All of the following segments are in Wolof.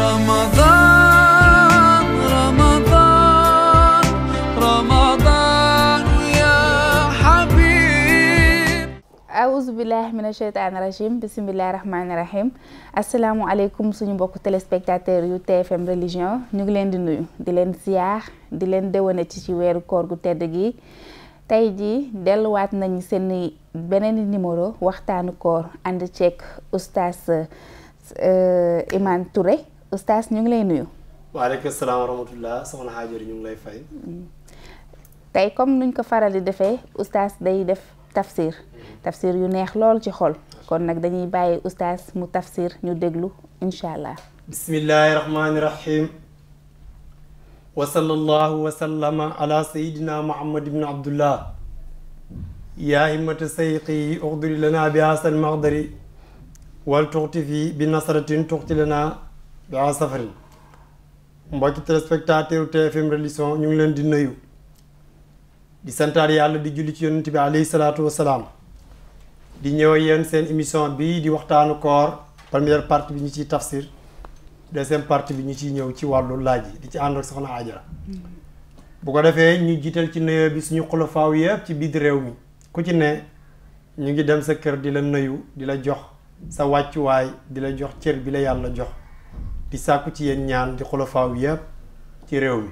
رمضان رمضان رمضان يا حبيب أعوذ بالله من الشيطان الرجيم بسم الله suñu mbokku téléspectateur yu TFM religion ñu ngi leen di nuyu di leen siyaax di leen déwane ci ci weeru koor gu tedd gi tey jii delluwaat nañu seen beneen numéro waxtaanu koor ànd ceeg oustaz euh, Imane Touré oustaz ñu ngi lay nuyu. waaleykum salaam wa rahmatullah soxna Haajari ñu ngi lay fay. tey comme nuñ ko faral di defee oustaz day def tafsir tafsir yu neex lool ci xol kon nag dañuy bàyyi oustaz mu tafsir ñu déglu incha allah. bismillahi rahmaani rahim. wa sallallahu wa sallama lana bi asal maxdari wal tuxti bi nasratin tuxti lana bi en safarin mbokki téléspectateur TFM religion ñu ngi leen di nuyu di santaar yàlla di julli ci yonent bi alayhi salaatu di ñëw yéen seen émission bi di waxtaanu koor première partie bi ñu ciy tafsir deuxième partie bi ñu ciy ñëw ci wàllu laaj yi di ci ànd ak soxna Ajara bu ko defee ñu jiital ci nuyoo bi suñu xulafaaw yëpp ci biir réew mi ku ci ne ñu ngi dem sa kër di la nuyu di la jox sa wàccuwaay di la jox cër bi la yàlla jox di sàkku ci yéen ñaan di xulafaaw yépp ci réew mi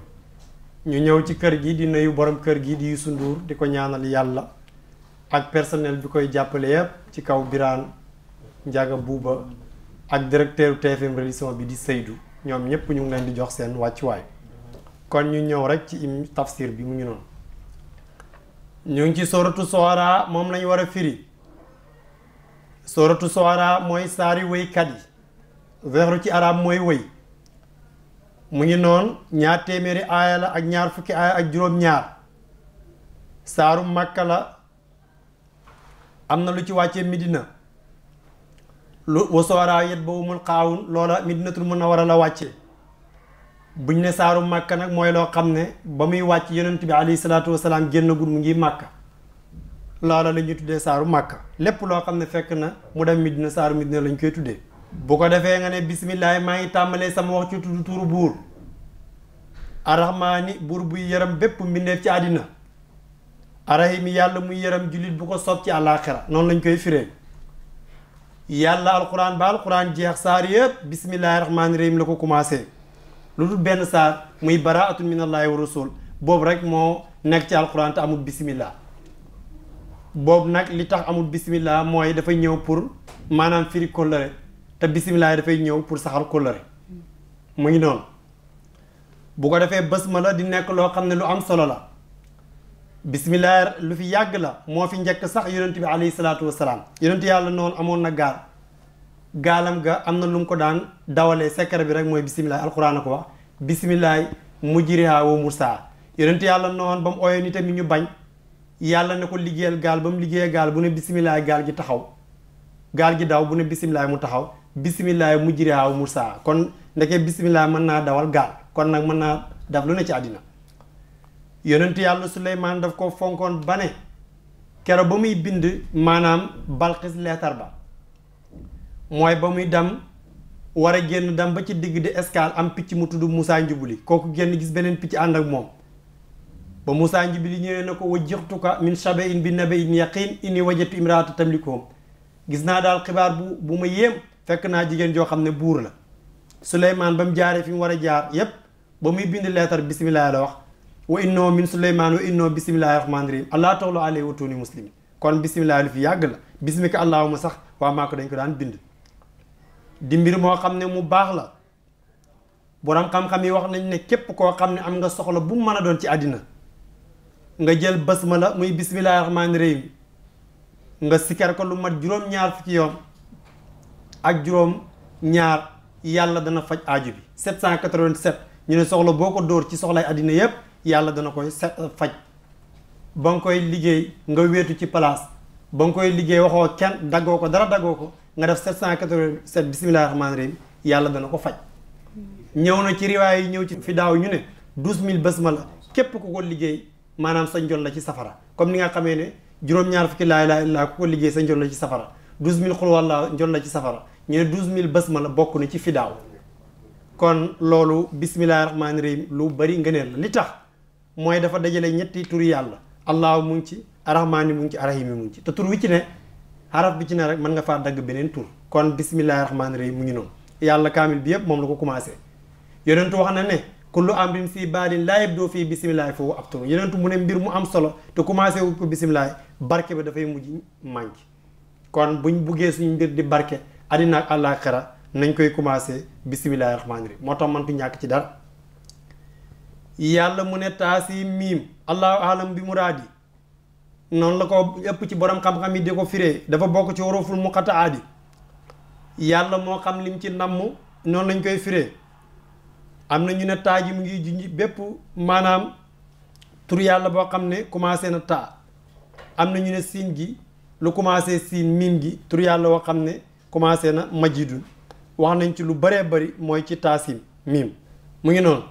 ñu ñëw ci kër gi di nuyu boroom kër gi di Youssou Ndour di ko ñaanal yàlla ak personnel bi koy jàppale yépp ci kaw biraan Ndiaga buuba ak directeur TFM religion bi di Seydou ñoom ñépp ñu ngi leen di jox seen wàccuwaay kon ñu ñëw rek ci im tafsir bi mu ngi noonu ñu ngi ci soratu Sohara moom lañu war a firi soratu Sohara mooy saari wéykat yi weeru ci arab mooy wëy mu ngi noon ñaar téeméeri aaya la ak ñaar fukki aaya ak juróom-ñaar saaru màkka la am na lu ci wàccee midina lu wasooraa yet ba umul xaawun loola midinatul munawwara la wàccee buñ ne saaru màkka nag mooy loo xam ne ba muy wàcc yonent bi alayhi salaatu wasalaam génnagul mu ngi màkka loola la tuddee saaru màkka lépp loo xam ne fekk na mu dem midina saaru midina lañu koy tuddee bu ko defee nga ne bismillaahi maa ngi tàmbalee sama wax ci tudd turu buur arrahmaani buur buy yërëm bépp mbindeef ci àddina arrahimi yàlla muy yërëm jullit bu ko sob ci àllaaxira noonu lañ koy firee yàlla alquran ba alquran jeex saar yëpp bismillaahi rahmaani rahim la ko commencé lu dul benn saar muy baraatun min allaahi wa sol boobu rek moo nekk ci alquran te amul bismillah boobu nag li tax amul bismillah mooy dafa ñëw pour maanaam firi kóllëre te bisimilah dafay ñëw pour saxal kóllëre mu ngi noonu bu ko defee bés ma la di nekk loo xam ne lu am solo la bisimilah lu fi yàgg la moo fi njekk sax yonent bi alayhi salaatu wasalaam yàlla noonu amoon na gaal gaalam ga am na lu mu ko daan dawalee secret bi rek mooy bisimilah alquran a ko wax bisimilah mujriha wa mursaa yonent yàlla noonu ba mu ooyee nitam ñu bañ yàlla ne ko liggéeyal gaal ba mu liggéeyee gaal bu ne bisimilah gaal gi taxaw gaal gi daw bu bisimilah mu taxaw. bisimilah mujriha wa mursaha kon ndeke bisimilah mën naa dawal gaal kon nag mën naa daf lu ne ci àddina yonent yàlla Suleymaan daf ko fonkoon ba ne kero ba muy bind maanaam balxis leetar ba mooy ba muy dam war a génn dem ba ci digg di escale am picc mu tudd Moussa li kooku génn gis beneen picc ànd ak moom ba Moussa Njubuli ñëwee na ko wa jixtuka min shabe in bi nabe in yaqin ini wajatu imraatu tamlikoom gis naa daal xibaar bu bu ma yéem fekk naa jigéen joo xam ne buur la suleymaan ba mu jaaree fi mu war a jaar yépp ba muy bind leetar bisimilah la wax wa innoo min suleymaan wa innoo bisimilahi rahmaani rahim allah tawlu alayhi wa tuuni muslimin kon bisimilah lu fi yàgg la bisimika allahuma sax waa maa dañ ko daan bind di moo xam ne mu baax la borom yi wax nañ ne képp koo xam ne am nga soxla bu mu a doon ci àddina nga jël basmala muy bisimilahi rahmaani rahim nga sikkar ko lu mat juróom-ñaar fukki yoon ak juróom ñaar yàlla dana faj aaju bi 787 ñu ne soxla boo ko dóor ci soxlay àddina yépp yàlla dana koy euh, faj ba nga koy liggéey nga wéetu ci place ba nga koy liggéey waxoo kenn daggoo ko dara daggoo ko nga def 787 bisimilahi rahmaani rahim yàlla dana ko faj ñëw na ci riwaay yi ñëw ci fi daaw ñu ne 12000 basmala képp ku ko liggéey maanaam sa njoon la ci safara comme ni nga xamee ne juróom-ñaar fukki laa ilaaha illa ku ko liggéey sa njoon la ci safara 12000 xul walla njoon la ci safara ñu ne douze mille bés la bokk na ci fidaaw kon loolu bismillahi rahmaani rahim lu bari ngëneel la li tax mooy dafa dajale ñetti turi yàlla allahu mu ngi ci arahmaani mu ngi ci arahimi mu ngi ci te tur wi ci ne xaraf bi ci ne rek mën nga faa dagg beneen tur kon bismillahi rahmaani rahim mu ngi noonu yàlla kaamil bi yëpp moom la ko commencé yonentu wax na ne lu am amrin fii baalin laa yabdoo fii bisimilahi foofu ab tur yonentu mu ne mbir mu am solo te commencé wu ko bisimilahi barke ba dafay mujj manqué kon buñ buggee suñu mbir di barke àddina ak àllaaxira nañ koy commencé bisimilahi rahmaani rahim moo tax mantu ñàkk ci dara yàlla mu ne taasi miim allahu alam bi muraadi noonu la ko ëpp ci borom xam-xam yi di ko firee dafa bokk ci waroful mu xata aadi yàlla moo xam lim ci namm noonu lañ koy firee am na ñu ne taa ji mu ngi junj bépp maanaam tur yàlla boo xam ne commencé na taa am na ñu ne siin gi lu commencé siin miim gi tur yàlla boo xam ne commencé na majidun wax nañ ci lu baree bari mooy ci taasim miim mu ngi noonu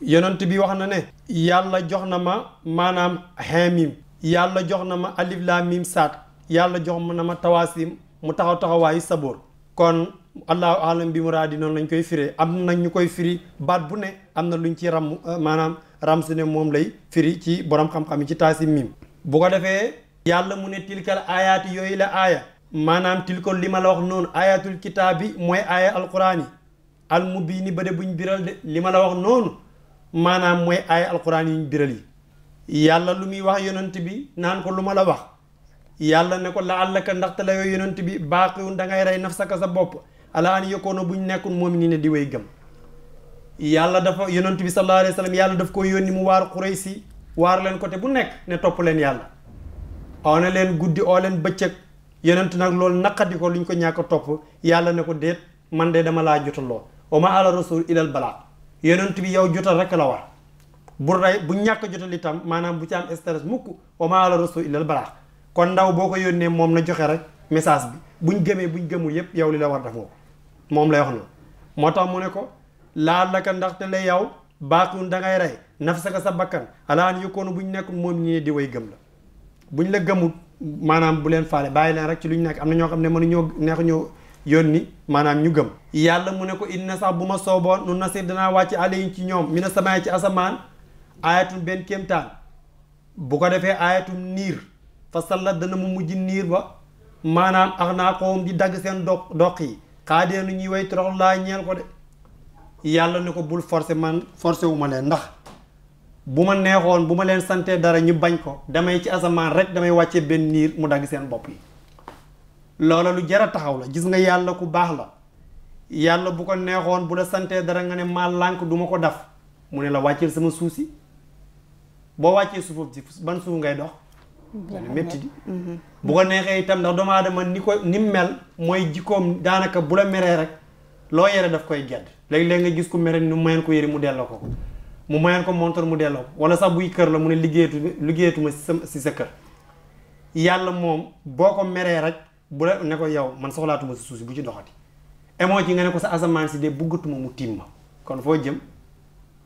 yonent bi wax na ne yàlla jox na ma maanaam xin miim yàlla jox na ma alif laa miim saat yàlla jox na ma tawaasim mu taxaw taxawaayu saboor kon allahu alam bi muraadi noonu lañ koy fire am na ñu koy firi baat bu ne am na lu luñ ci ram euh, maanaam ram ne moom lay firi ci borom xam-xam yi ci taasim miim bu ko defee yàlla mu ne tilkal aayaati yooyu la aaya maanaam tilkoon li ma la wax noonu ayatul kitaab bi mooy aaya alquran yi al mubiini ba bu ñu biral de li ma la wax noonu maanaam mooy aaya alquran yi ñu biral yi yàlla lu muy wax yonent bi naan ko lu ma la wax yàlla ne ko la àllaka ndaxte la yooyu yonent bi baaqiwun da ngay rey nafsaka sa bopp ala an bu ñu nekkul moom ni ne di way gëm yàlla dafa yonent bi sallallahu alayhi wa yàlla daf ko yónni mu waar Quraysi waar leen côté bu nekk ne topp leen yàlla leen guddi bëccëg yonent nag loolu naqadi ko lu ñu ko ñàkk a topp yàlla ne ko déet man de dama laa jotaloo wa ma ala rasul ilal balaa yonent bi yow jotal rek la war bu rey bu ñàkk jotal itam maanaam bu ci am stress mukk wa ma ala rasul ilal balaa kon ndaw boo ko yónnee moom na joxe rek message bi buñ gëmee buñ gëmul yépp yow li la war def nga moom lay wax na moo tax mu ne ko laal la ndax te la yow baaxul da ngay rey nafsaka sa bakkan alaan yëkkoonu buñ nekkul moom ñi di way gëm la la gëmul maanaam bu leen faale bàyyi leen rek ci lu ñu nekk am na ñoo xam ne mënuñoo neex ñoo yónni maanaam ñu gëm yàlla mu ne ko inna sax bu ma sooboon nun nasir danaa wàcc alayhim ci ñoom mi na samaay ci asamaan ayatum benn kéemtaan bu ko defee ayatum niir fa sallat dana mu mujj niir ba maanaam ax naa xawum di dagg seen do doq yi xaadee nu ñuy way torox laa ñeel ko de yàlla ne ko bul forcé man forcé wu ma leen ndax bu ma neexoon bu ma leen santee dara ñu bañ ko damay ci asamaan rek damay wàcce benn niir mu dagg seen bopp yi loola lu jar taxaw la gis nga yàlla ku baax la yàlla bu ko neexoon bu la santee dara nga ne maa lànk du ko daf mu ne la wàccee sama suuf si boo wàccee suufam si ban suuf ngay dox dana di mhm. bu ko neexee itam ndax doomu aadama ni ko ni mel mooy jikkoom daanaka bu la meree rek loo yere daf koy gedd léeg-léeg nga gis ku mere nu mayeen ko yëri mu delloo ko mu mayaan ko montor mu delloo wala sax buy kër la mu ne liggéeyatu liggéeyatuma si sa kër yàlla moom boo ko meree rek bu la ne ko yow man soxlaatuma si suuf si bu ci doxati émoo ci nga ne ko sa asamaan si de bëggatuma mu tiim ma kon foo jëm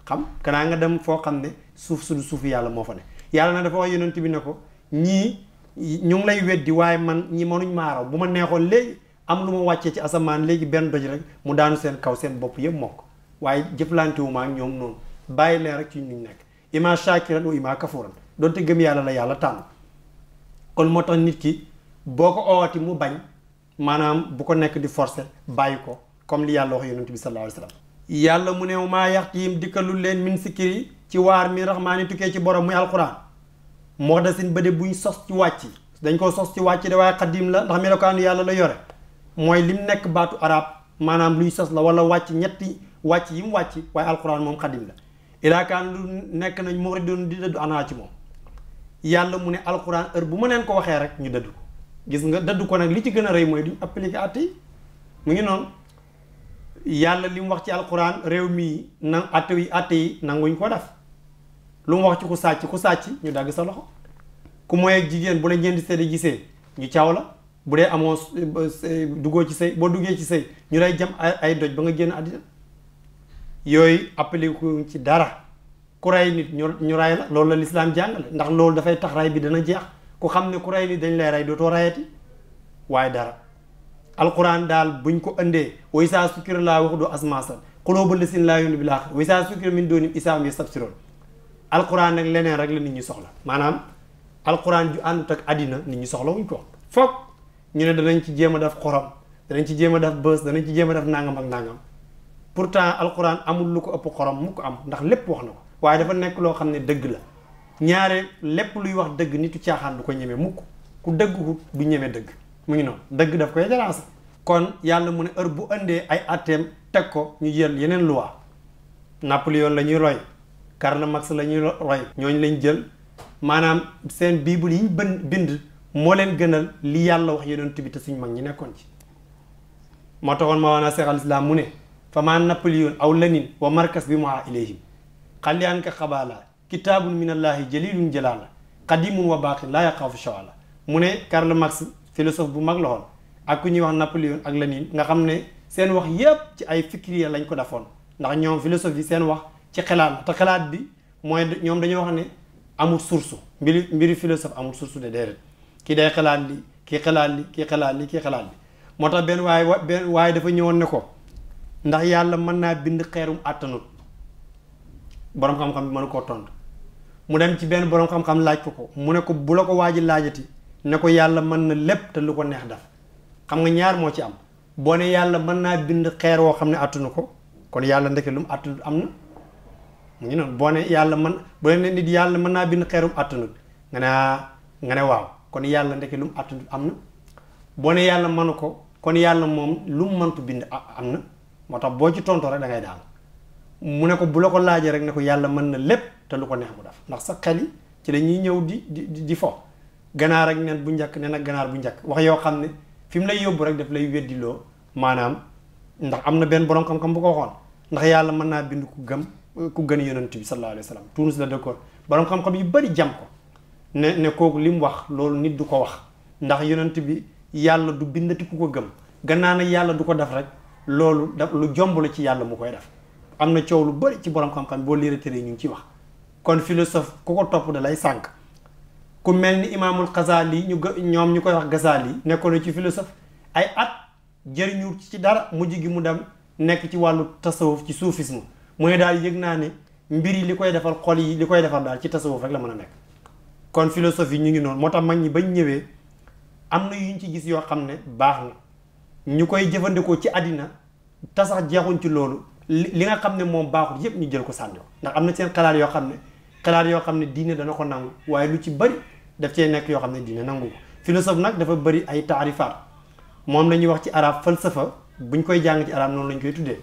xam kanaa nga dem foo xam ne suuf su du yàlla moo fa ne yàlla na dafa wax yonent bi ne ko ñii ñu ngi lay weddi waaye man ñi mënuñ maaraw bu ma neexoon léegi am lu ma wàccee ci asamaan léegi benn doj rek mu daanu seen kaw seen bopp yëpp mokk waaye jëflante wu ak ñoom noonu bàyyi leen rek ci ñu nekk ima shakiran wa ima kafuran donte gëm yàlla la yàlla tànn kon moo tax nit ki boo ko oowati mu bañ maanaam bu ko nekk di forcer bàyyi ko comme li yàlla wax yonent bi sallallahu alayhi wa sallam yàlla mu ne maa yaxtihim dikkalul leen min sikiri ci waar mi raxmaani tukkee ci borom muy alquran moo da seen bëde buñ sos ci wàcc dañ ko sos ci wàcc de waaye xadim la ndax melokaanu yàlla la yore mooy lim nekk baatu arab maanaam luy sos la wala wàcc ñetti wàcc yi mu wàcc waaye alquran moom xadim la ilaa kaan lu nekk nañ moo doon di dëddu anaa ci moom yàlla mu ne alxuraan heure bu ma leen ko waxee rek ñu dëddu ko gis nga dëddu ko nag li ci gën a rëy mooy duñ appliqué at yi mu ngi noonu yàlla li mu wax ci alxuraan réew mii na at yi at yi nanguñ ko def lu mu wax ci ku sàcc ku sàcc ñu dagg sa loxo ku mooy ak jigéen bu la ñeenti seede gisee ñu caaw la bu dee amoo duggoo ci sëy boo duggee ci sëy ñu lay jam ay doj ba nga génn àddina yooyu appliqué ci dara ku rey nit ñu ñu la loolu la lislaam jàngale ndax loolu dafay tax ray bi dana jeex ku xam ne ku rey nit dañ lay rey dootoo rayati waaye dara alquran daal buñ ko indee way saa sukkir laa wax du asmaasal xuloo ba lisin laa yónni bi laaxir way saa sukkir min doonim isaam yi sab siroon alquran nag leneen rek la nit ñi soxla maanaam alquran ju àndut ak àddina nit ñi soxla wuñ ko foog ñu ne danañ ci jéem a def xorom danañ ci jéem a def bës danañ ci jéem a def ak nangam pour temps alquran amul lu ko ëpp xorom mu ko am ndax lépp wax na ko waaye dafa nekk loo xam ne dëgg la ñaare lépp luy wax dëgg nitu caaxaan du ko ñeme mukk ku dëgg du ñeme dëgg mu ngi noonu dëgg daf koy déranger kon yàlla mu ne heure bu indee ay atteem teg ko ñu jël yeneen loi Napoléon la ñuy roy Karl Marx la ñuy roy ñooñu lañ jël maanaam seen bible yi ñu bën bind moo leen gënal li yàlla wax yonent bi te suñ mag ñi nekkoon ci moo taxoon woon a seexal islam mu ne fama napoliyon aw lanin wa markas bi maa ilayhim xalliyaan ka xabaala kitaabun min allaahi jalilun jalaala qadimun wa baaqin laa yaqaafu shawala mu ne Karl Marx philosophe bu mag loxoon ak ku ñuy wax Napoléon ak Lénine nga xam ne seen wax yépp ci ay fikriya lañ ko dafoon ndax ñoom philosophe yi seen wax ci xalaat la xalaat bi mooy ñoom dañoo wax ne amul source mbiri mbiri philosophe amul source de déedéet kii day xalaat li kii xalaat li ki xalaat li kii xalaat moo tax benn waaye waaye dafa ñëwoon ne ko ndax yàlla mën naa bind xeerum àttanut boroom xam-xam bi mënu koo tontu mu dem ci benn boroom xam-xam laaj ko ko mu ne ko bu la ko waaji laajati ne ko yàlla mën na lépp te ko neex def xam nga ñaar moo ci am boo yàlla mën naa bind xeer woo xam ne àttanu ko kon yàlla ndeke lu mu àttanut am na mu ngi noonu boo ne yàlla mën boo ne nit yàlla mën naa bind xeerum àttanut nga ne nga ne waaw kon yàlla ndeke lu mu àttanut am na boo ne yàlla mënu ko kon yàlla moom lu mu mëntu bind am na moo tax boo ci tontoo rek da daal mu ne ko bu la ko laajee rek ne ko yàlla mën na lépp te lu ko neex mu def ndax sa xel yi ci dañuy ñëw di di di fo ganaar ak nen bu njëkk nen ak ganaar bu njàkk wax yoo xam ne fi mu lay yóbbu rek daf lay weddiloo maanaam ndax am na benn borom xam-xam bu ko waxoon ndax yàlla mën naa bind ku gëm ku gën yonent bi sallallahu alayhi wa sallam Tunis la dëkkoon borom xam-xam yu bari jam ko ne ne kooku li mu wax loolu nit du ko wax ndax yonent bi yàlla du bindati ku ko gëm gannaa nag yàlla du ko def rek loolu da lu jomb la ci yàlla mu koy def am na coow lu bëri ci borom xam-xam boo liira tere ñu ngi ci wax kon philosophe ku ko topp da lay sànq ku mel ni imaamul lii ñu ñoom ñu koy wax Xasaali nekkoon na ci philosophe ay at jëriñu ci dara mujj gi mu dem nekk ci wàllu tasawuf ci soufisme mu ne daal yëg naa ne mbir yi li koy defal xol yi li koy defal daal ci tasawuf rek la mën a nekk kon philosophie ñu ngi noonu moo tax mag ñi bañ ñëwee am na yuñ ci gis yoo xam ne baax na ñu koy jëfandikoo ci àddina tasax sax jeexuñ ci loolu li nga xam ne moom baaxul yépp ñu jël ko sànni ndax am na seen xalaat yoo xam ne xalaat yoo xam ne diine dana ko nangu waaye lu ci bëri daf cee nekk yoo xam ne diine nangu ko philosophe nag dafa bëri ay taarifaat moom la ñuy wax ci arab falsafa buñ koy jàng ci arab noonu lañ koy tuddee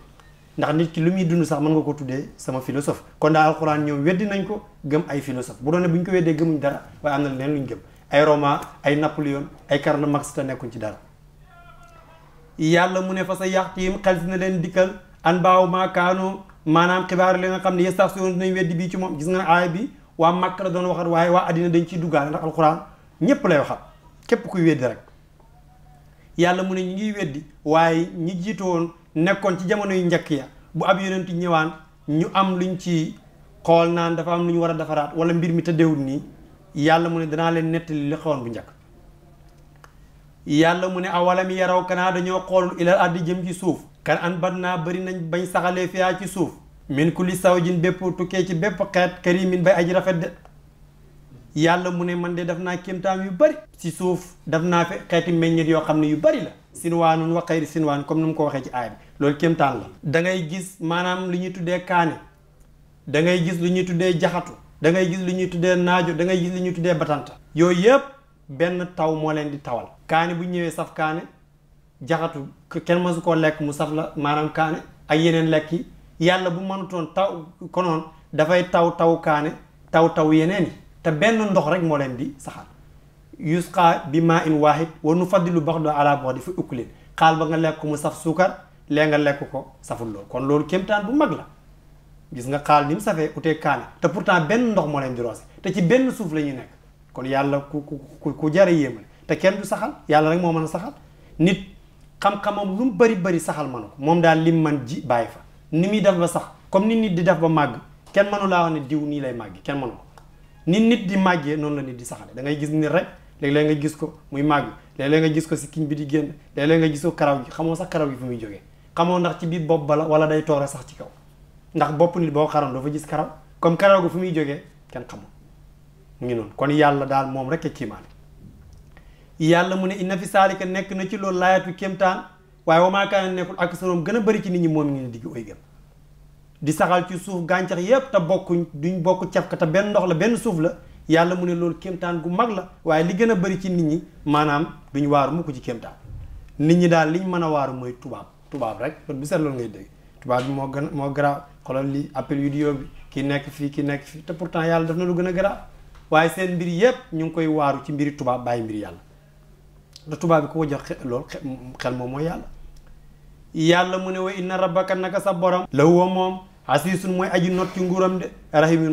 ndax nit ki lu muy dund sax mën nga ko tuddee sama philosophe kon daa alxuraan ñoom weddi nañ ko gëm ay philosophe bu doon bu ñu ko weddee gëmuñ dara waaye am na leneen luñ gëm ay Roma ay Napoléon ay Karl Marx te nekkuñ ci dara yàlla mu ne fa sa yaxtiim xel si na leen dikkal an baaw maa kaanu maanaam xibaar leen nga xam ne yestasion dinañ weddi bii ci moom gis nga aay bi waa màkk la doon waxat waaye waa àddina dañ ciy duggaale ndax alxuraan ñépp lay waxat képp kuy weddi rek yàlla mu ne ñi ngiy weddi waaye ñi jiitu woon nekkoon ci jamono yu njëkk ya bu ab yonent ñëwaan ñu am lu luñ ci xool naan dafa am lu ñu war a defaraat wala mbir mi tëddeewul nii yàlla mu ne danaa leen nettali li xewoon bu njëkk yàlla mu ne awalam yaraw kanaa dañoo xoolul ilal addi jëm ci suuf kan an bat naa bari nañ bañ saxalee fiyaa ci suuf min kulli sawjin bépp tukkee ci bépp xeet karimin bay aji rafet de yàlla mu ne man de def naa kéemtaam yu bëri si suuf def naa fi xeeti meññit yoo xam ne yu bëri la sinwaanun wa xayri sinwaan comme ni mu ko waxee ci aay bi loolu kéemtaan la da ngay gis maanaam lu ñuy tuddee kaani da ngay gis lu ñuy tuddee jaxatu da ngay gis lu ñuy tuddee naajo da ngay gis lu ñuy tuddee batanta yooyu yëpp benn taw moo leen di tawal kaani bu ñëwee saf kaani jaxatu kenn mësu koo lekk mu saf la maanaam kaane ak yeneen lekk yi yàlla bu mënutoon taw konoon dafay taw taw kaani taw taw yeneen yi te benn ndox rek moo leen di saxal yusqa bi maa in waahid wa nufaddilu baxdo ala baxdi fi ukulin xaal ba nga lekk ko mu saf suukar lee nga lekk ko saful loolu kon loolu kéemtaan bu mag la gis nga xaal ni mu safee ute kaani te pourtant benn ndox moo leen di roose te ci benn suuf lañuy ñuy nekk kon yàlla ku ku ku jara yéema te kenn du saxal yàlla rek moo mën a saxal nit xam-xamam lu mu bëri bari saxal manu ko moom daal lim man ji bàyyi fa ni muy def ba sax comme nit nit di def ba màgg kenn manu laa wax ne diw nii lay màgg kenn mënu ko nit nit di màggee noonu la nit di saxale da ngay gis nit rek léeg-léeg nga gis ko muy màgg léeg-léeg nga gis ko si kiñ bi di génn léeg-léeg nga gis ko karaw gi xamoo sax karaw gi fu muy jógee xamoo ndax ci biir bopp bala wala day toore sax ci kaw ndax bopp nit boo xaram doo gis karaw comme karaw gi fu muy jógee kenn xamul mu ngi noonu kon yàlla daal moom rek a kiimaane yàlla mu ne inna fi saalika nekk na ci loolu laayatu kéemtaan waaye wamaakaana nekkul ak saroom gën a bëri ci nit ñi moom ngi ne digg oy gëm di saxal ci suuf gàncax yépp te bokkuñ duñ bokk cafka te benn ndox la benn suuf la yàlla mu ne loolu kéemtaan gu mag la waaye li gën a bëri ci nit ñi maanaam duñ waaru mukk ci kéemtaan nit ñi daal liñ mën a waaru mooy tubaab tubaab rek kon bu seet loolu ngay dégg bi moo gën moo garaaw xoolal li appel vidéo bi ki nekk fii ki nekk fii te pourtant yàlla daf na lu gën a garaaw waaye seen mbir yépp ñu ngi koy waaru ci mbiri tubaab bàyyi mbir yàlla da tubaab bi ku ko jox loolu xel moom mooy yàlla yàlla mu ne wa inna rabbaka naka sa borom la huwa moom asiisun mooy aji not ci nguuram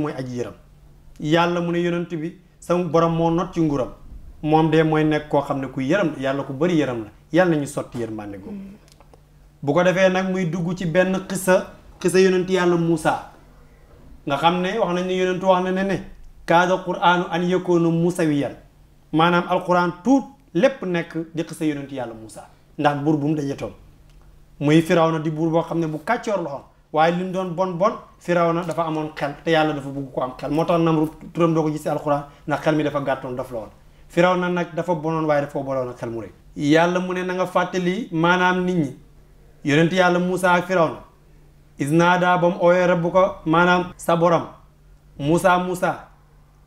mooy aji yëram yàlla mu ne yonent bi sa borom moo not ci nguuram moom de mooy nekk koo xam ne ku yëram yàlla ku bari yëram la yàlla nañu sotti yërmande googu mm. bu ko defee nag muy dugg ci benn xisa xisa yonent yàlla Muusa nga xam ne wax nañ ne yonent wax ne ne kaada quraanu an yakoonu musawiyan maanaam alquran tuut lépp nekk di xisa yonent yàlla Moussa ndax buur bu mu dajatoon muy firaw na di buur boo xam ne bu kàccoor loxoon waaye lu mu doon bon bon firaw na dafa amoon xel te yàlla dafa bëgg ko am xel moo tax Namrud turam doo ko gis ci alquran ndax xel mi dafa gàttoon daf la woon firaw na nag dafa bonoon waaye dafa boloon ak xel mu rëy yàlla mu ne na nga fàttali maanaam nit ñi yonent yàlla Moussa ak firaw na isnaada ba mu ooyee ko maanaam sa borom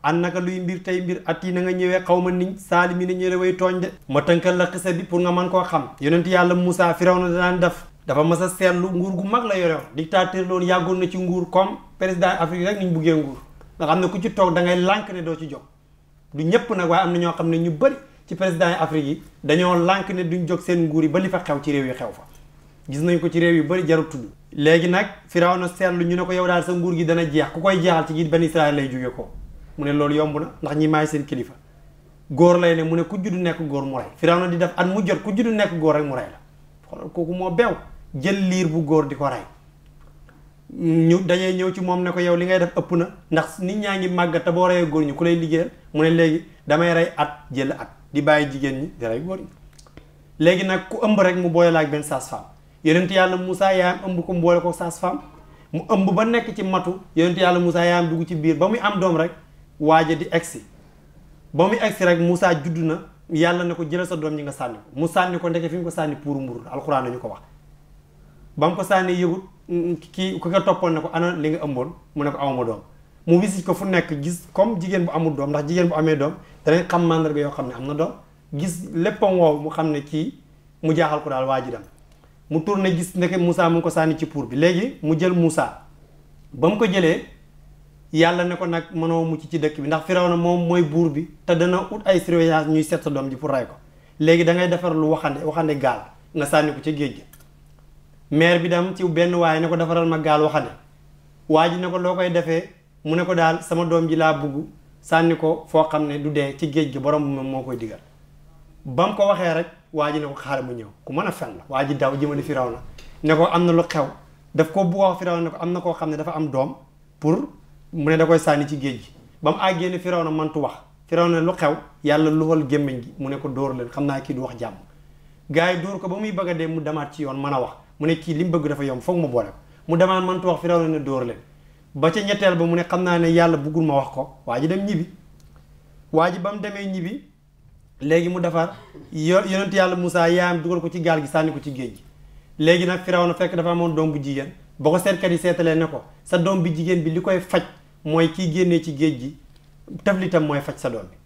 an naka luy mbir tey mbir at yi na nga ñëwee xaw ma niñ saali mi ne ñëwee way tooñ de ma tënkal la xisa bi pour nga mën koo xam yonent yàlla musa firaw na daan def dafa mas a seetlu nguur gu mag la yore dictateur loolu yàggul na ci nguur comme président Afrique rek buggee nguur nga xam ne ku ci toog da ngay lànk doo ci jóg du ñëpp nag waaye am na ñoo xam ñu bëri ci président yi yi dañoo lank ne duñ jóg seen nguur yi ba li fa xew ci réew yi xew fa gis nañ ko ci réew yu bëri jarul tudd léegi nag firaw na seetlu ñu ne ko yow daal sa nguur gi dana jeex ku koy jeexal ci gi ban Israël lay jóge ko mu ne loolu yomb na ndax ñi maay seen kilifa góor lay ne mu ne ku juddu nekk góor mu rey na di def at mu jot ku juddu nekk góor rek mu rey la kooku moo beew jël liir bu góor di ko ñu dañuy ñëw ci moom ne yow li ngay def ëpp na ndax nit ñaa ngi màggat boo reyee góor ñi ku lay liggéeyal mu ne léegi damay rey at jël at di bàyyi jigéen ñi léegi nag ku ëmb rek mu boole la ak benn sage-femme yonent yàlla musaa yaayam ëmb ko mboole ko sage-femme mu ëmb ba nekk ci matu yonent yàlla Moussa yaayam dugg ci biir ba muy am doom rek waa waaja di egsi ba muy egsi rek Moussa judd na yàlla ne ko jëlal sa doom ñi nga sànni ko mu sànni ko ndeke fi mu ko sànni pour mburu alxuraan nañu ko wax ba mu ko sànni yëgut mm, kii ku ko toppoon ne ko ana li nga ëmboon mu ne ko amuma doom mu wisit ko fu nekk gis comme jigéen bu amul doom ndax jigéen bu amee doom danañ xam mandarga yoo xam ne am na doom gis léppam woow mu xam ne kii mu jaaxal ko daal waa ji dem mu tourné gis ndeke Moussa mu ngi ko sànni ci pour bi léegi mu jël Moussa ba ko jëlee yàlla ne ko nag mënoo mucc ci dëkk bi ndax Firawna moom mooy buur bi te dana ut ay surveillance ñuy seet sa doom ji pour rey ko léegi da ngay defar lu waxande waxande gaal nga sànni ko ci géej gi maire bi dem ci benn waaye ne ko defaral ma gaal waxande waa ji ne ko loo koy defee mu ne ko daal sama doom ji laa bugg sànni ko foo xam ne du dee ci géej gi borom moom moo koy digal ba mu ko waxee rek waa ji ne ko xaar mu ñëw ku mën a fen la waa ji daw jëmale Firawna ne ko am na lu xew daf ko bugg a am na koo xam ne dafa am doom mu ne da koy sànni ci géej gi ba mu àggee ne firaw na mantu wax firaw na lu xew yàlla luxal gémmiñ gi mu ne ko dóor leen xam naa kii du wax jàmm gars yi dóor ko ba muy bëgg a dee mu demaat ci yoon man a wax mu ne kii li mu bëgg dafa yomb foog mu boole ko mu demaat mantu wax firaw na ne dóor leen ba ca ñetteel ba mu ne xam naa ne yàlla buggul ma wax ko waa ji dem ñibbi waa ji ba mu demee ñibbi léegi mu defar yonent yàlla musaa yaayam dugal ko ci gaal gi sànni ko ci géej gi léegi nag firaw na fekk dafa amoon doom bu jigéen ba ko seetkat yi seetalee ne ko sa doom bi jigéen bi li koy faj mooy kii génnee ci géej gi li tam mooy faj sa doom bi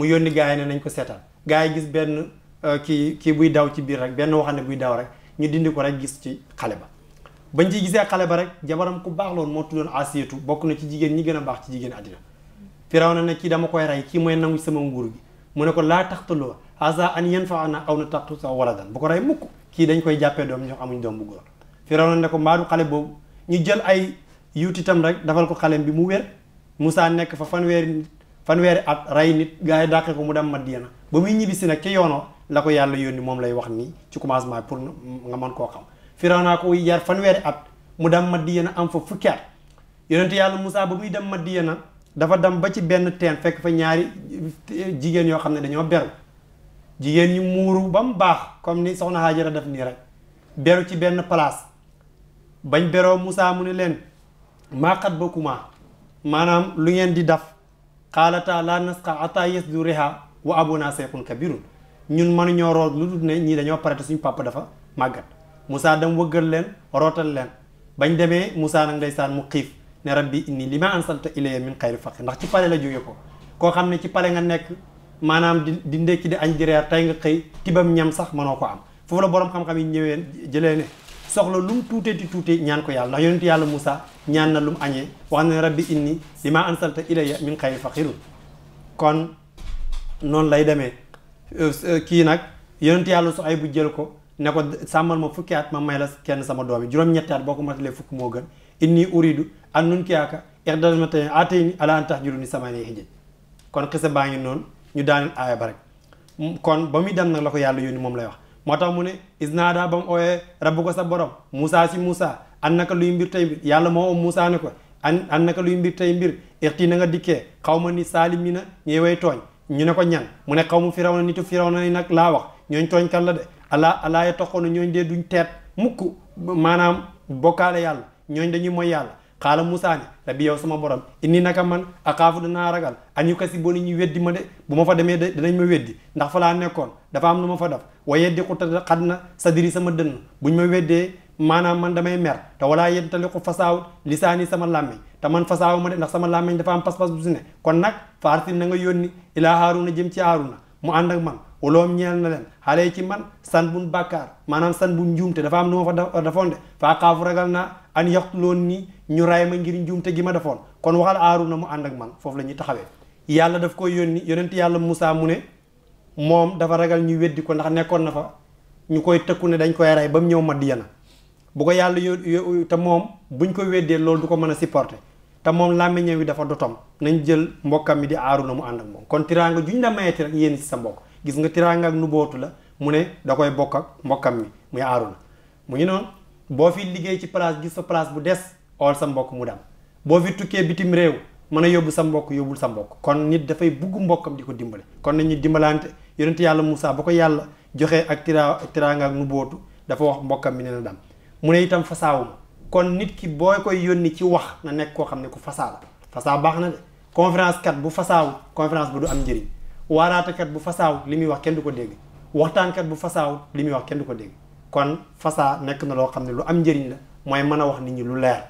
mu yónni gars yi ne nañ ko seetaan gars yi gis benn euh, ki kii buy daw ci biir rek benn waxande buy daw rek ñu dindi ko rek gis ci xale ba bañ ciy gisee xale ba rek jabaram ku baax loon moo tuddoon asiyatu bokk na ci jigéen ñi gën a baax ci jigéen àddina firaw na ne kii dama koy rey kii mooy nangu sama nguur gi mu ne ko laa taxtaloo asa an yan fa na aw na taxtu sa wala dan bu ko rey mukk kii dañ koy jàppee ñoo amuñ doom bu góor firaw na xale boobu ñu jël ay yiwt itam rek defal ko xalem bi mu wér Moussa nekk fa fanweeri fanweeri at rey nit gaa yi dàqe ko mu dem Madiana ba muy ñibbi si nag ca yoonoo la ko yàlla yónni moom lay wax nii ci commencement pour nga mën koo xam naa ko yar fanweeri at mu dem Madiana am fa fukki at yonent yàlla musaa ba muy dem Madiana dafa dem ba ci benn teen fekk fa ñaari jigéen yoo xam ne dañoo beru jigéen ñi muuru ba mu baax comme ni soxna Haajara def nii rek beru ci benn place maaxat bakuma maanaam lu ngeen di daf xaalata la nasqa ata yes du reha wa abuna seexun kabirun ñun mënuñoo root lu dul ne ñii dañoo parete suñu papa dafa màggat Moussa dem wëggal leen rootal leen bañ demee Moussa nag ndeysaan mu xiif ne rabbi inni li ma ansalta ilayya min xayri faqi ndax ci pale la jóge ko koo xam ne ci pale nga nekk maanaam di di ndekki di añ di reer tey nga xëy tibam ñam sax mënoo ko am foofu la borom xam-xam yi ñëwee jëlee soxla lu mu tuute di tuute ñaan ko yàlla ndax ti yàlla musa ñaan na lu mu añee wax na rabbi inni lima ansalta ilayya min xayri faqirun kon noonu lay demee euh, euh, kii nag yonent yàlla Suhayb bu jël ko ne ko sàmmal ma fukki at ma may la kenn sama doom yi juróom-ñetti at boo ko matalee fukk moo gën inni uridu an nunkiaka ihdal matayni aatayni ala an tahjuruni samaniya hijaj kon xisa baa ngi noonu ñu daaneel aaya ba rek kon ba muy dem nag la yàlla yónni moom lay wax moo tax mu ne isnaada ba mu ooyee rabbu ko sa borom Moussa si Moussa an naka luy mbir tey mbir yàlla moo am Moussa ne ko an an naka luy mbir tey mbir ixti na nga dikkee xaw ma ni saalimi na ñuy way tooñ ñu ne ko ñan mu ne xaw ma firaw na nitu firaw na ni nag laa wax ñooñ tooñ kan la de alaa alaa ya toqoon na ñooñ dee duñ teet mukk maanaam bokkaale yàlla ñooñ dañuy mooy yàlla xaala Moussa ne rabbi yow sama borom inni naka man axaafu danaa ragal an yu kasi boo ni ñu weddi ma de bu ma fa demee de danañ ma weddi ndax falaa nekkoon dafa am nu ma fa def waaye di xuta xad na sadiri sama dënn bu ñu ma weddee maanaam man damay mer te walaa yentaliqu fasaawut lisaani sama làmmiñ te man fasaawu ma de ndax sama làmmiñ dafa am pas-pas bu si ne kon nag faarsil na nga yónni ilaa na jëm ci haaruna mu ànd ak man waloom ñeen na leen xale ci man san buñ bàkkaar maanaam san buñ njuumte dafa am lu ma fa defoon de faa xaafu ragal naa an yaqtuloon nii ñu ray ma ngir njuumte gi ma defoon kon waxal aaru na mu ànd ak man foofu la ñuy taxawee yàlla daf koy yónni yonent yàlla Moussa mu ne moom dafa ragal ñu weddi ko ndax nekkoon na fa ñu koy tëkku ne dañ koy rey ba mu ñëw Madiyana bu ko yàlla yo te moom buñ ko weddee loolu du ko mën a supporter te moom làmmiñam wi dafa dotom nañ jël mbokkam mi di aaru mu ànd ak moom kon tiraanga juñ la mayeti rek yéen si sa mbokk gis nga tiraanga ak nu bootu la mu ne da koy bokk ak mbokkam mi muy aaruna mu ngi noonu boo fi liggéey ci place gis fa place bu des ool sa mbokk mu dam boo fi tukkee bitim réew mën a yóbbu sa mbokk yóbbul sa mbokk kon nit dafay bugg mbokkam di ko dimbale kon nañu dimbalante yonent yàlla Moussa ba ko yàlla joxe ak tira tiraanga ak bootu dafa wax mbokkam mi ne na dem mu ne itam fasaawuma kon nit ki boo koy yónni ci wax na nekk koo xam ne ku fasaa la fasaa baax na de conférence kat bu fasaawu conférence bu du am njëriñ waaraatekat bu fasaaw li muy wax kenn du ko dégg waxtaankat bu fasaaw li muy wax kenn du ko dégg kon fasaa nekk na loo xam ne lu am njëriñ la mooy mën a wax nit ñi lu leer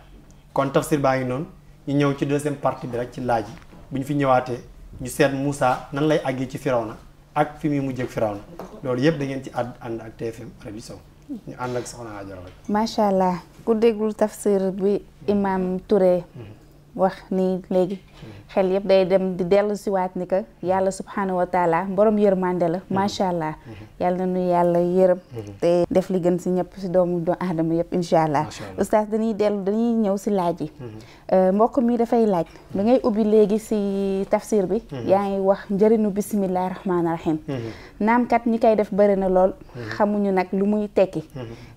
kon tafsir baa ngi noonu ñu ñëw ci deuxième partie bi rek ci laaj yi bu ñu fi ñëwaatee ñu seet Moussa nan lay àggee ci na ak fi muy mujjee ak Firawna loolu yëpp dangeen ci ànd ànd ak TFM Arabie Sow ñu ànd ak soxna Ajara macha allah ku déggul tafsir bi imam Touré. Mhm. wax ni léegi xel yëpp day dem di dellu siwaat ni que yàlla subhanahu wa taala borom yërmande la macha allah yàlla na nu yàlla yërëm te def li gën si ñëpp si doomu doomu aadama yëpp incha allah oustaz dañuy dellu dañuy ñëw si laaj yi mhm. euh, mbokk mi dafay laaj da ngay ubbi léegi si tafsir bi mhm. yaa ngi wax njëriñu bisimillahi rahmaani rahim mhm. naam kat ñi koy def bëri na lool xamuñu nag lu muy tekki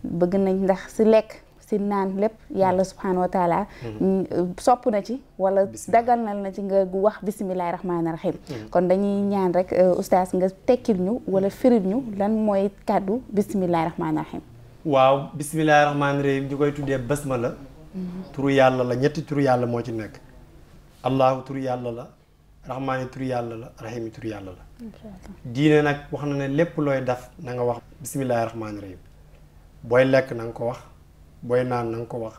bëgg nañ ndax si lekk si naan lépp yàlla mm-hmm. subhaanahu wa mm-hmm. mm, euh, sopp na ci wala dagal na na ci nga wax bisimilahi rahmaani rahim mm-hmm. kon dañuy ñaan rek oustaz euh, nga tekkil ñu wala firil ñu lan mooy kàddu bisimilahi rahmaani rahim waaw bisimilahi rahmaani rahim koy tuddee basmala turu yàlla la ñetti turu moo ci nekk allahu turu la rahmaani la rahimi turu diine nag wax na ne lépp looy def na nga wax bisimilahi rahmaani rahim booy lekk na nga ko wax booy naan na nga ko wax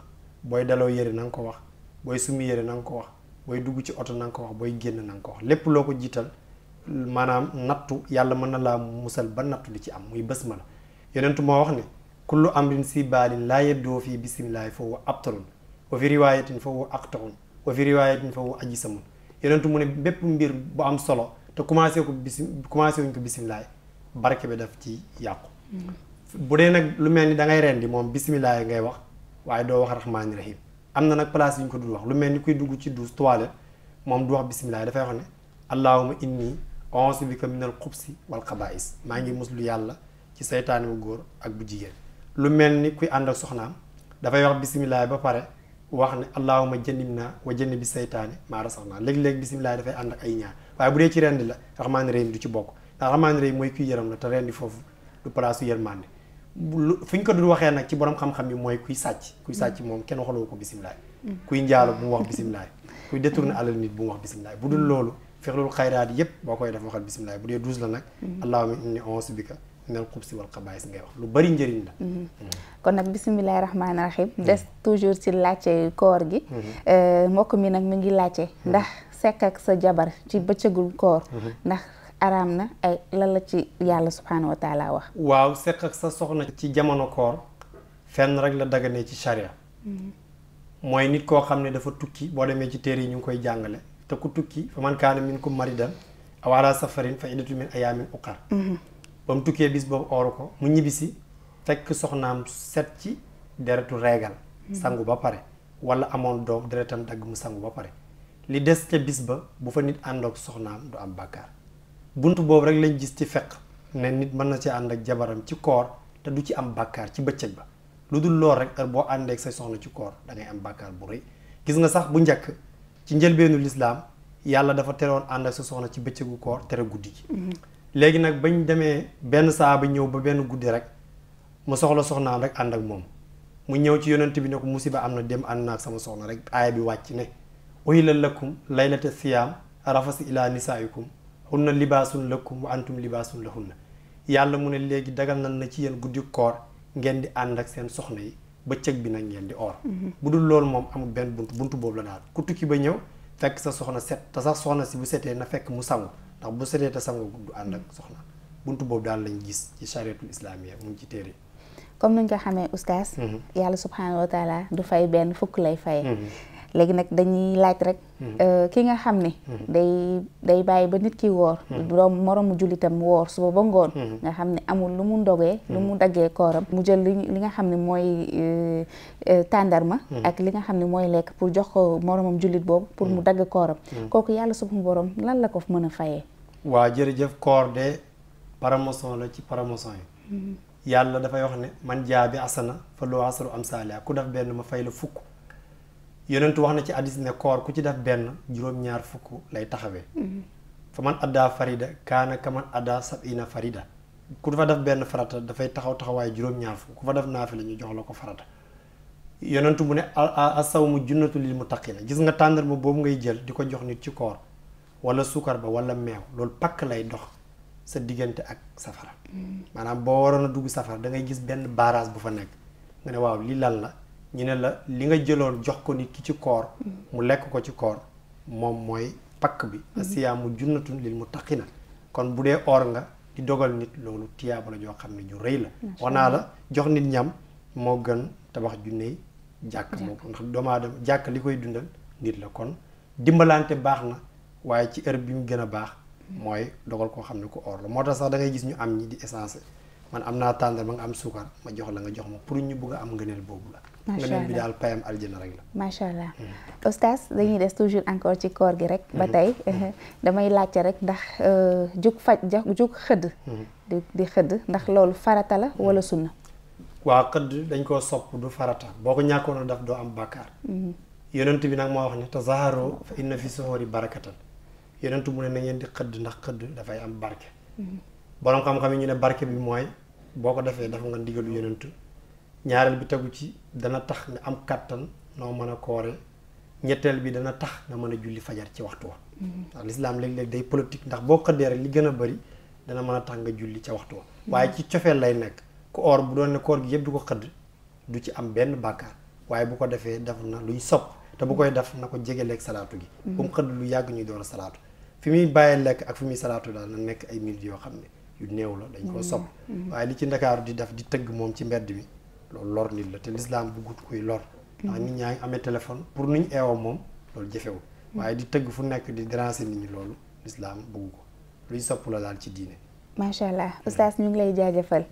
booy daloo yére na ko wax booy sumi yére na ko wax booy dugg ci oto na ko wax booy génn na ko wax lépp loo ko jiital maanaam nattu yàlla mën na laa musal ba nattu di ci am muy bés ma la yonentu moo wax ne am amrin si baalin laa yebdoo fii bisimilahi fa huwa abtalun wa fi riwaayatin fa huwa aqtaun wa fi riwaayatin fa huwa ajisamun yonentu mu ne bépp mbir bu am solo te commencé ko bisim commencé wuñ ko bisimilahi barke bi ci yàqu mm. bu dee nag lu mel ni da ngay rendi moom bisimilah ngay wax waaye doo wax rahmaani rahim am na nag place yu ñu ko dul wax lu mel ni kuy dugg ci douche toilette moom du wax bisimilah dafay wax ne allahuma inni a'uuzu bika minal xubsi wal xabaa'is maa ngi muslu yàlla ci saytaane bu góor ak bu jigéen lu mel ni kuy ànd ak soxnaam dafay wax ba pare wax ne allahuma jëndim naa wa jënd bi saytaane maa rasaxnaa léeg-léeg bisimilah dafay ànd ak ay ñaar waaye bu dee ci rendi la rahmaani rahim du ci bokk ndax rahmaani mooy kuy yaram la te rendi foofu du place su yërmande lu fi ñu ko dul waxee nag ci borom xam-xam yi mooy kuy sàcc kuy sàcc moom kenn waxaloo ko bisimilah. kuy njaalo bu mu wax bisimilah. kuy détourné alal nit bu mu wax bisimilah bu dul loolu fexlul xayraat yépp boo koy def waxal bisimilah bu dee douze la nag. Mm-hmm. allahumma inni onze bi ka nel xub si wal xabaayis ngay wax lu bari njëriñ la. Mm-hmm. Mm-hmm. kon nag bisimilah rahmaani rahim des toujours ci laajte koor gi. Euh, mbokk mi nag mu ngi laajte. ndax sekk ak sa jabar ci bëccëgul koor. araam na ay lan la ci yàlla subhaanahu wa wax. waaw set ak sa soxna ci jamono koor fenn rek la daganee ci charia. Mm-hmm. mooy nit koo xam ne dafa tukki boo demee ci téere yi ñu koy jàngale te ku tukki fa man kaana minkum maridan aw alaa safarin fa iddatu min ayaamin uxar mm-hmm. ba mu tukkee bis boobu ooru ko mu ñibbisi fekk soxnaam set ci deretu reegal mm-hmm. sangu ba pare walla amoon doom deretam dagg mu sangu ba pare li des ca bis ba bu fa nit àndoog soxnaam du am bàkkaar bunt boobu rek lañ gis ci feq ne nit mën na ci ànd ak jabaram ci koor te du ci am bàkkaar ci bëccëg ba lu dul lool rek boo àndee ak say soxna ci koor da ngay am bàkkaar bu rëy gis nga sax bu njëkk ci njëlbeenu lislaam yàlla dafa teroon ànd ak sa soxna ci bëccëgu koor tere guddi gi mm-hmm. léegi nag bañ demee benn saaba ñëw ba benn guddi rek mu soxla soxnaam rek ànd ak moom mu ñëw ci yonent bi ne ko musiba am na dem ànd naa ak sama soxna rek aaya bi wàcc ne uhilla lakum laylata siyaam rafas ila nisaikum hunna libaasun lakum wa antum libaasun lahunna yàlla mu ne léegi dagal nan na ci yéen guddi koor ngeen di ànd ak seen soxna yi bëccëg bi nag ngeen di oor mhm. bu dul loolu moom amul benn bunt buntu boobu la daal ku tukki ba ñëw fekk sa soxna set te sax soxna si bu setee na fekk mu sangu ndax bu setee te sangu du ànd ak soxna buntu boobu daal lañ gis ci chariatul islamiya mu ngi ci téere comme nañ ko xamee oustaz mhm. yàlla subhanahu wa taala du fay benn léegi nag dañuy laaj rek. Mhm. Euh, ki nga xam ne. Mhm. day day bàyyi ba nit ki woor. Mhm. doom moromu jullitam woor suba ba ngoon. nga xam ne amul lu mu ndogee. lu mu daggee kooram. mu jël li nga xam ne mooy euh, euh, tàndarma. ak li nga xam ne mooy lekk pour jox ko moromam jullit boobu pour mu dagg kooram. kooku yàlla mu borom lan la ko mën a fayee. waa jërëjëf koor de paramoson la ci paramoson yi. yàlla dafay wax ne man jaa bi asana fa loo asaru am saaliha ku def benn ma fay la fukk. yonentu wax na ci hadiis ne koor ku ci def benn juróom-ñaar fukk lay taxawee fa man addaa farida kaana ka man addaa sabina farida ku dafa def benn farata dafay taxaw taxawaay juróom-ñaar fukk ku fa def naafi la ñu jox la ko farata yonentu mu ne asawmu mu lil na gis nga tàndarma boobu ngay jël di ko jox nit ci koor wala suukar ba wala meew loolu pakk lay dox sa diggante ak safara mm. maanaam boo waroon a dugg safara da ngay gis benn barrage bu fa nekk waaw lii lan la ñu ne la li nga jëloon jox ko nit ki ci koor mm-hmm. mu lekk ko ci koor moom mooy pakk bi mm-hmm. asiyaamu junnatun lil muttaqina kon bu dee or nga di dogal nit loolu tiyaaba la joo xam ne ju rëy la wanaa jox nit ñam moo gën tabax junney jàkk moo ndax doomu aadama jàkk li koy dundal nit la kon dimbalante baax na waaye ci heure bi mu gën a baax mm-hmm. mooy dogal koo xam ne ko or la moo tax sax dangay gis ñu am ñi di essence man am naa tàndar ma nga am suukar ma jox la nga jox ma pour ñu bëgg a am ngëneel boobu la macha allah beneen bi daal payam aljana rek macha allah hmm. oustaz dañuy des toujours encore ci koor gi rek. ba hmm. tey hmm. damay laajte rek ndax euh, jug faj jug xëdd. di xëdd ndax loolu farata la wala sunna. waa xëdd dañ koo sopp du farata boo ko ñàkkoon a daf doo am bàkkaar. yonent bi nag moo wax ne tazaharu fa inna fi suhoori barakatan yonent mu ne na di xëdd ndax xëdd dafay am barke. borom xam-xam yi ñu ne barke bi mooy boo ko defee dafa nga ndigalu yonent ñaareel bi tegu ci dana tax nga am kàttan noo mën a koore ñetteel bi dana tax nga mën a julli fajar ci waxtu wa mm-hmm. ndax lislaam léeg-léeg day politique ndax boo xëddee rek li gën a bëri dana mën a tax nga julli ca waxtu mm-hmm. waaye ci cofeel lay nekk ku or bu doon ne koor gi yëpp du ko xëdd du ci am benn bàkkaar waaye bu ko defee def na luñ sopp te bu koy def na ko jegeleeg salaatu gi mm-hmm. bu mu xëdd lu yàgg ñuy door salaatu fi muy bàyyee lekk ak fi muy salaatu daal na nekk ay minutes yoo xam ne yu néew dañ koo sopp waaye li ci ndakaaru di def di tëgg moom ci mbedd mi loolu lor nit la te lislaam buggut kuy lor mm-hmm. ndax nit ñaa ngi amee téléphone pour nuñ eewa moom loolu jëfewul mm-hmm. waaye di tëgg fu nekk di déranger nit ñi loolu lislaam bugg ko luy sopp la daal ci diine macha allah mm-hmm. oustaz ñu ngi lay jaajëfal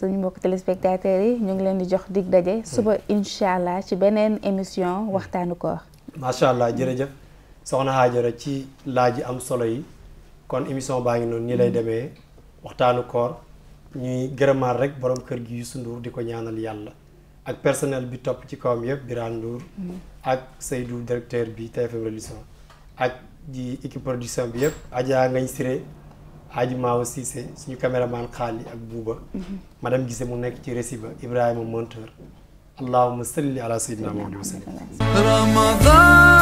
suñu mbokk téléspectateurs yi ñu ngi leen di jox dig daje suba incha allah ci beneen émission waxtaanu koor macha allah jërëjëf soxna Hajara ci laaj yi am solo yi kon émission baa ngi noonu nii lay demee waxtaanu koor ñuy gërëmaat rek borom kër gi Youssou Ndour di ko ñaanal yàlla ak personnel bi topp ci kawam yëpp Birane Ndour mm-hmm. ak Seydou directeur bi TFM Religion ak ji équipe production bi yëpp Adja Ngañ Siré Adji Mawa Cissé suñu caméraman xaali ak Bouba mm-hmm. madame Gissé mu nekk ci résiba ba Ibrahima monteur allahumma salli ala sayyidina Muhammad wa sallam